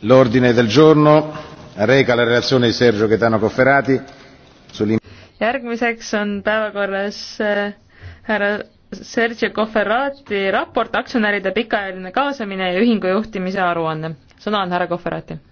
l'ordine del giorno reca la relazione di Sergio Gaetano Cofferati sull'im- järgmiseks on päevakorras eh, härra Sergio Cofferati raport aktsionäride pikaajaline kaasamine ja ühingu juhtimise aruanne. sõna on härra Cofferatil.